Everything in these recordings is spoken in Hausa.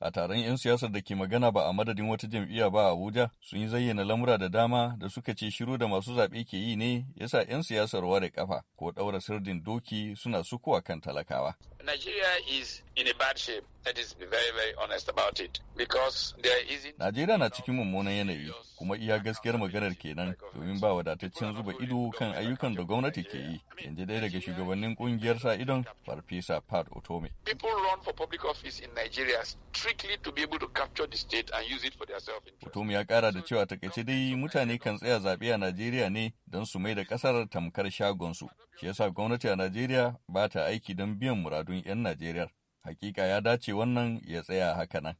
a taron 'yan siyasar da ke magana ba a madadin wata jam'iyya ba a Abuja sun yi zayyana lamura da dama da suka ce shiru da masu zaɓe ke yi ne yasa 'yan siyasar ware kafa ko ɗaura sirdin doki suna sukuwa kan talakawa. Nigeria is in a bad shape. That about it because there is Najeriya na cikin mummunan yanayi kuma iya gaskiyar maganar kenan domin ba wadataccen zuba ido kan ayyukan da gwamnati ke yi in ji ɗaya daga shugabannin kungiyar sa idon farfesa pat otome otome ya kara da cewa takaice dai mutane kan tsaya zaɓe a najeriya ne don su mai da ƙasar tamkar shagonsu shi yasa gwamnati a najeriya ba ta aiki don biyan muradun 'yan najeriya hakika ya dace wannan ya tsaya haka nan.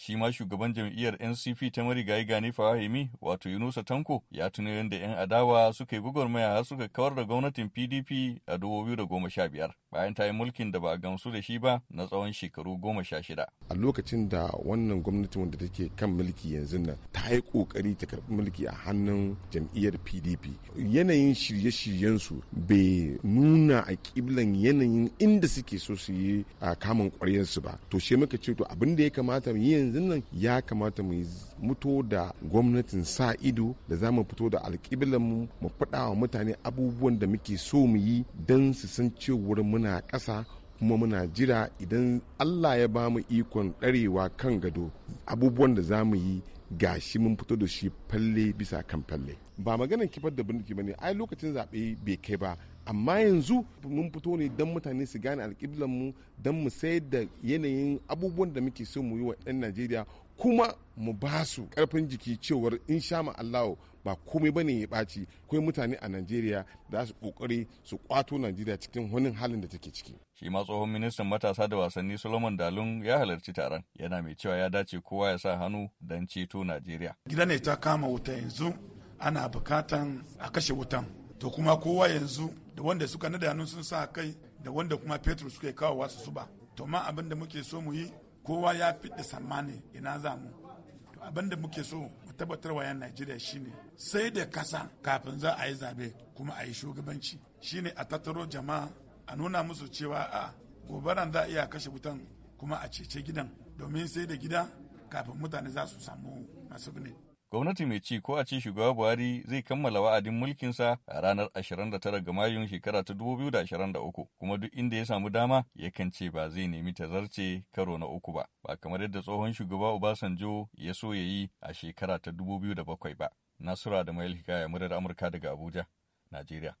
shi ma shugaban jam'iyyar ncp ta marigayi gani fahimi wato yunusa tanko ya tuno yadda 'yan adawa suka yi gwagwarmaya har suka kawar da gwamnatin pdp a 2015 bayan ta yi mulkin da ba a gamsu da shi ba na tsawon shekaru 16 a lokacin da wannan gwamnatin wanda take kan mulki yanzu nan ta yi kokari ta karbi mulki a hannun jam'iyyar pdp yanayin shirye-shiryensu bai nuna a kiblan yanayin inda suke so su yi kamun kwaryensu ba to shi muka ce to abin da ya kamata yin yanzu nan ya kamata mu muto da gwamnatin sa ido da za mu fito da alƙiblanmu mu faɗa wa mutane abubuwan da muke so mu yi don su san cewar muna ƙasa kuma muna jira idan Allah ya ba mu ikon ɗarewa kan gado abubuwan da za mu yi gashi mun fito da shi falle bisa kan falle ba maganin kifar da bindiki ba ne ai lokacin zaɓe bai kai ba amma yanzu mun fito ne don mutane su gane alƙiblan mu don mu sayar da yanayin abubuwan da muke so mu yi wa 'yan najeriya kuma mu ba su ƙarfin jiki cewar in sha allahu ba komai bane ya ɓaci akwai mutane a Najeriya da su ƙoƙari su ƙwato Najeriya cikin wani halin da take ciki. Shi ma tsohon ministan matasa da wasanni Solomon Dalun ya halarci taron yana mai cewa ya dace kowa ya sa hannu don ceto Najeriya. gidan ne ta kama wuta yanzu ana bukatan a kashe wutan to kuma kowa yanzu da wanda suka nada hannun sun sa kai da wanda kuma fetur suka kawo wasu su ba to ma abin da muke so mu yi kowa ya da sammani ina za mu to abin da muke so mu tabbatar wa yan najeriya shine sai da kasa kafin za a yi zabe kuma a yi shugabanci shine a tattaro jama'a a nuna musu cewa a gobaran za a iya kashe wutan kuma a cece gidan domin sai da gida kafin mutane za su samu masu ne gwamnati mai ci ko a ci shugaba buhari zai kammala wa'adin mulkinsa a ranar 29 ga mayun shekara ta 2023 kuma duk inda ya samu dama yakan ce ba zai nemi ta tazarce karo na uku ba ba kamar yadda tsohon shugaba obasanjo ya so ya yi a shekara ta 2007 ba nasura da mayil hikaya murar amurka daga abuja najeriya